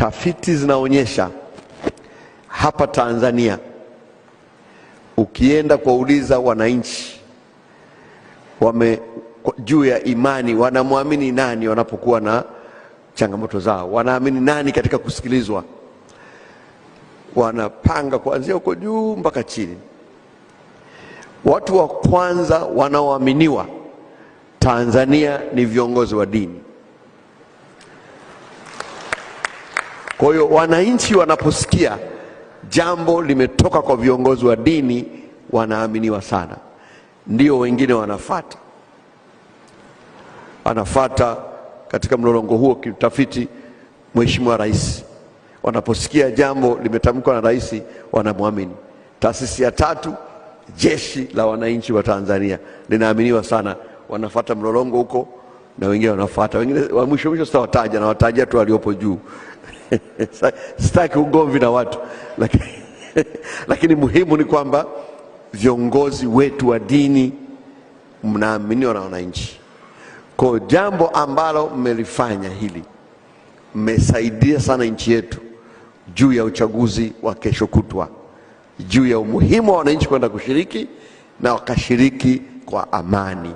Tafiti zinaonyesha hapa Tanzania, ukienda kuwauliza wananchi wame juu ya imani, wanamwamini nani wanapokuwa na changamoto zao, wanaamini nani katika kusikilizwa, wanapanga kuanzia huko juu mpaka chini. Watu wa kwanza wanaoaminiwa Tanzania ni viongozi wa dini. Kwa hiyo wananchi wanaposikia jambo limetoka kwa viongozi wa dini, wanaaminiwa sana, ndio wengine wanafata wanafata katika mlolongo huo kiutafiti, Mheshimiwa Rais. Wanaposikia jambo limetamkwa na rais, wanamwamini. Taasisi ya tatu, jeshi la wananchi wa Tanzania linaaminiwa sana, wanafata mlolongo huko, na wengine wanafata wengine, wa mwisho mwisho sitawataja, nawataja tu waliopo juu. sitaki ugomvi na watu lakini, lakini muhimu ni kwamba viongozi wetu wa dini mnaaminiwa na wananchi. Kwa jambo ambalo mmelifanya hili, mmesaidia sana nchi yetu juu ya uchaguzi wa kesho kutwa, juu ya umuhimu wa wananchi kwenda kushiriki na wakashiriki kwa amani.